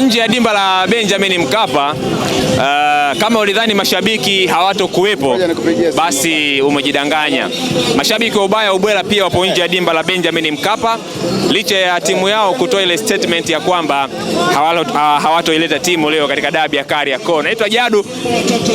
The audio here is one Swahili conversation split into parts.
Nje ya dimba la Benjamin Mkapa uh, kama ulidhani mashabiki hawatokuwepo basi umejidanganya. Mashabiki wa ubaya ubwela pia wapo nje ya dimba la Benjamin Mkapa, licha ya timu yao kutoa ile statement ya kwamba ah, hawatoileta timu leo katika dabi ya Kariakoo. Naitwa Jadu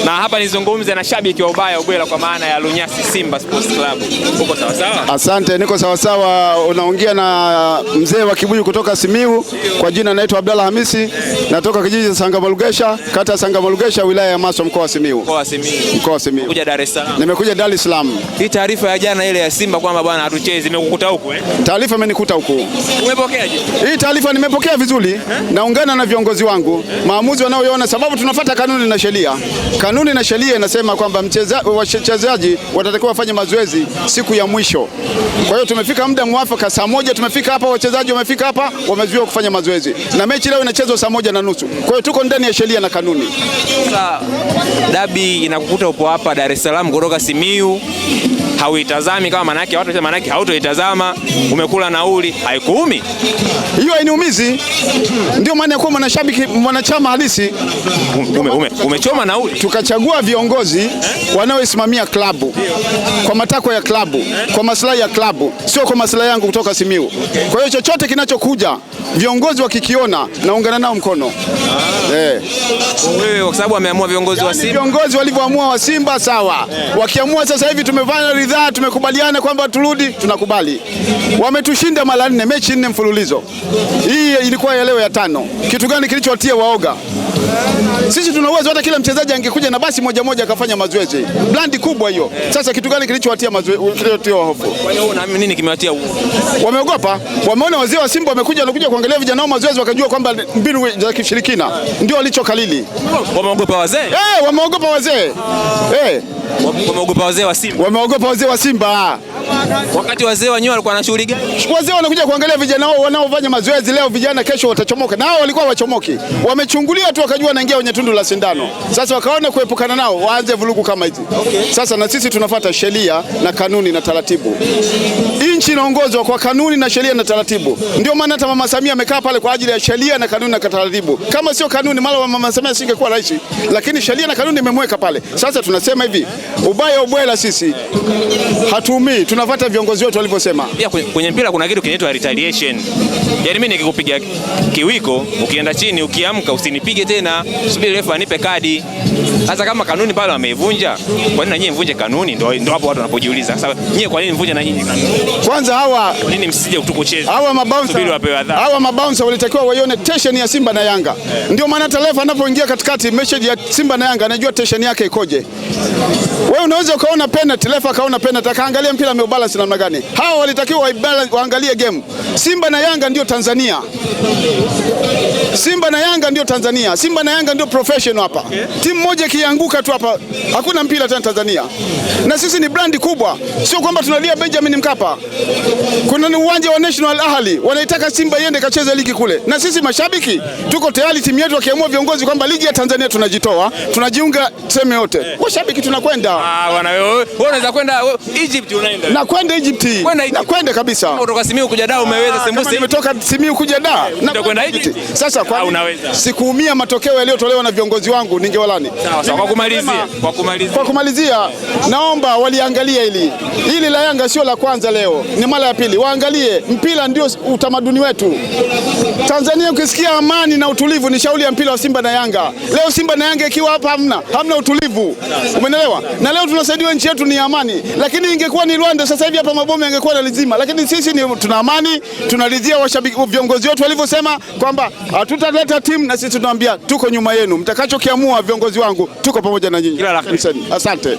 na hapa nizungumze na shabiki wa ubaya ubwela kwa maana ya Lunyasi Simba Sports Club. Uko sawa sawa? Asante, niko sawa sawa. Unaongea na mzee wa kibuyu kutoka Simiu, kwa jina naitwa Abdalla Hamisi, eh. natoka kijiji cha Sangamalugesha, kata ya Sangamalugesha wilaya wilaya ya Maswa mkoa wa Simiu. Mkoa wa Simiu. Mkoa wa Simiu. Nimekuja Dar es Salaam. Nimekuja Dar es Salaam. Hii taarifa ya jana ile ya Simba kwamba bwana hatuchezi imekukuta huku eh? Taarifa imenikuta huku. Umepokeaje? Hii taarifa nimepokea vizuri eh? Naungana na viongozi wangu eh? Maamuzi wanayoona sababu tunafuata kanuni na sheria. Kanuni na sheria inasema kwamba wachezaji watatakiwa wafanye mazoezi siku ya mwisho. Kwa hiyo tumefika muda mwafaka saa moja tumefika hapa, wachezaji wamefika hapa, wamezuiwa kufanya mazoezi. Na mechi leo inachezwa saa moja na nusu. Kwa hiyo tuko ndani ya sheria na kanuni. Sasa dabi inakukuta upo hapa Dar es Salaam kutoka Simiu, hauitazami kama manake watu manake hautoitazama, umekula nauli haikuumi, hiyo hainiumizi. Ndio maana ya kuwa mwanashabiki mwanachama halisi. Ume, ume, umechoma nauli, tukachagua viongozi wanaoisimamia klabu kwa matakwa ya klabu kwa maslahi ya klabu, sio kwa maslahi yangu kutoka Simiu Kwa hiyo chochote kinachokuja viongozi wakikiona naungana nao mkono ah. eh. Wewe kwa sababu walivyoamua viongozi wa yaani Simba, viongozi walivyoamua wa Simba sawa, yeah. Wakiamua sasa hivi tumefanya ridhaa, tumekubaliana kwamba turudi, tunakubali. Wametushinda mara nne, mechi nne mfululizo, hii ilikuwa ya leo ya tano. Kitu gani kilichowatia waoga? Sisi tuna uwezo, hata kila mchezaji angekuja na basi moja moja akafanya mazoezi. Brand kubwa hiyo. Sasa kitu gani kilichowatia hofu? Nini kimewatia hofu? Wameogopa, wameona wazee wa Simba wamekuja wanakuja kuangalia vijana wao mazoezi, wakajua kwamba mbinu za kishirikina ndio walichokalili. Wameogopa wazee eh, wameogopa wazee eh, wameogopa wazee wa Simba, wameogopa wazee wa Simba. Wakati wazee wenyewe walikuwa na shughuli gani? Wazee wanakuja kuangalia vijana wao wanaofanya mazoezi leo, vijana kesho watachomoka, na wao walikuwa wachomoki, wamechungulia tu, wakajua wanaingia kwenye tundu la sindano. Sasa wakaona kuepukana nao waanze vurugu kama hizi. Sasa na sisi tunafuata sheria na kanuni na taratibu. Nchi inaongozwa kwa kanuni na sheria na taratibu, ndio maana hata Mama Samia amekaa pale kwa ajili ya sheria na kanuni na taratibu. Kama sio kanuni, mara Mama Samia asingekuwa rais, lakini sheria na kanuni imemweka pale. Sasa tunasema hivi, ubaya ubwela, sisi hatuumii tunafuata viongozi wetu walivyosema. Pia kwenye mpira kuna kitu kinaitwa retaliation. Yaani mimi nikikupiga kiwiko, ukienda chini, ukiamka usinipige tena, subiri refa anipe kadi. Sasa kama kanuni pale wameivunja, kwa nini nyinyi mvunje kanuni? Ndio ndio hapo watu wanapojiuliza. Sasa nyinyi kwa nini mvunje na nyinyi kanuni? Kwanza hawa kwa nini msije kutukocheza? Hawa mabouncer subiri wapewe adhabu. Hawa mabouncer walitakiwa waione tension ya Simba na Yanga. Yeah. Ndio maana hata refa anapoingia katikati message ya Simba na Yanga anajua tension yake ikoje. Wewe unaweza ukaona penalty, refa kaona penalty, akaangalia mpira ame balance namna gani? Hawa walitakiwa waangalie game. Simba na Yanga ndio Tanzania. Simba na Yanga ndio Tanzania. Simba na Yanga ndio professional hapa. Okay. Timu moja ikianguka tu hapa hakuna mpira tena Tanzania. Na sisi ni brandi kubwa. Sio kwamba tunalia Benjamin Mkapa. Kuna ni uwanja wa National Ahli. Wanaitaka Simba iende kacheze ligi kule. Na sisi mashabiki tuko tayari timu yetu wakiamua viongozi kwamba ligi ya Tanzania tunajitoa, tunajiunga sehemu yote. Washabiki tunakwenda. Ah, wanaweza kwenda Egypt unaenda nakwenda Egypt, nakwenda kabisa. Kutoka Simiu kuja Dar umeweza sembusi. Nimetoka Simiu kuja Dar Nakwenda kwenda Egypt. Sasa kwa unaweza. Sikuumia matokeo yaliyotolewa na viongozi wangu ningewalani. Sawa sawa, kwa kumalizia, kwa kumalizia. Kwa kumalizia, naomba waliangalia hili. Hili la Yanga sio la kwanza leo, ni mara ya pili. Waangalie, mpira ndio utamaduni wetu. Tanzania ukisikia amani na utulivu ni shauri ya mpira wa Simba na Yanga. Leo Simba na Yanga ikiwa hapa hamna, hamna utulivu. Umeelewa? Na leo tunasaidiwa nchi yetu ni amani. Lakini ingekuwa ni Rwanda sasa hivi hapa mabomu yangekuwa yanalizima, lakini sisi ni tuna amani, tunaridhia washabiki viongozi wetu walivyosema kwamba hatutaleta timu, na sisi tunawaambia tuko nyuma yenu, mtakachokiamua viongozi wangu, tuko pamoja na nyinyi. Asante.